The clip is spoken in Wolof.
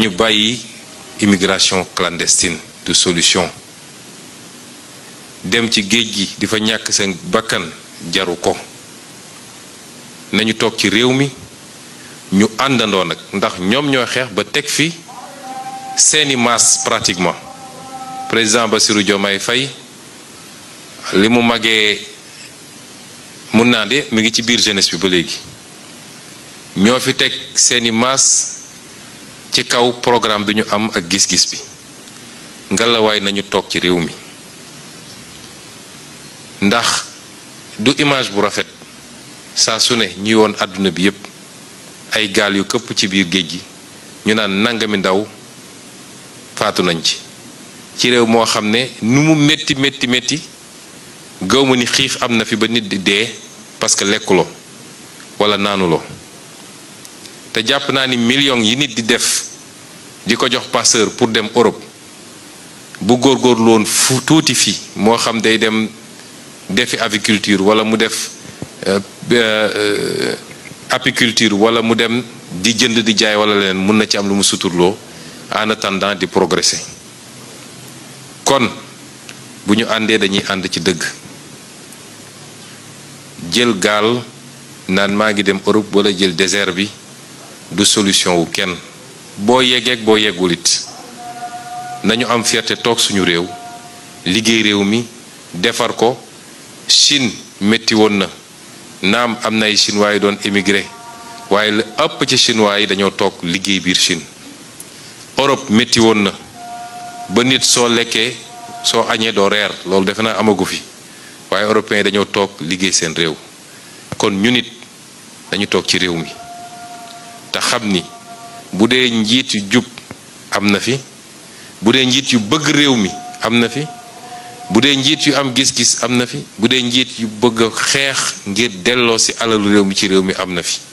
nañu bàyyi immigration clandestine du solution dem ci géej gi di fa ñàkk seen bakkan jaru ko nañu toog ci réew mi ñu àndandoo nag ndax ñoom ñoo xeex ba teg fi seeni masse pratiquement président ba siru Diomaye Faye li mu magee mun naa de mu ngi ci biir jeunesse bi ba léegi ñoo fi teg seeni masse ci kaw programme bi ñu am ak gis-gis bi ngalawaay nañu toog ci réew mi ndax du image bu rafet saa su ne ñuy woon àdduna bi yépp ay gaal yu këpp ci biir géej gi ñu naan nangami ndaw faatu nañ ci ci réew moo xam ne nu mu metti métti métti gaw ma ni xiif am na fi ba nit di dee parce que lekkuloo walla naanuloo te jàpp naa ni millions yi nit di def di ko jox passeur pour dem Europe bu góor góorloon fu tuuti fii moo xam day dem defi aviculture wala mu def euh, euh, apiculture wala mu dem di jënd di jaay wala leen mën na ci am lu mu suturloo en attendant di progresser kon bu ñu àndee dañuy ànd ci dëgg jël gaal naan maa ngi dem Europe walla jël désert bi du solution wu kenn boo yegeeg boo yeggul it nañu am fierté toog suñu réew liggéey réew mi defar ko Chine métti woon na naam am na ay chinois yu doon émigré waaye la ëpp ci chinois yi dañoo toog liggéey biir Chine Europe métti woon na ba nit soo lekkee soo añee doo reer loolu defe naa amagu fi waaye européens yi dañoo toog liggéey seen réew kon ñu nit dañu toog ci réew mi te xam ni bu dee njiit yu jub am na fi bu dee njiit yu bëgg réew mi am na fi bu dee njiit yu am gis-gis am na fi bu dee njiit yu bëgg xeex ngir delloo si alalu réew mi ci réew mi am na fi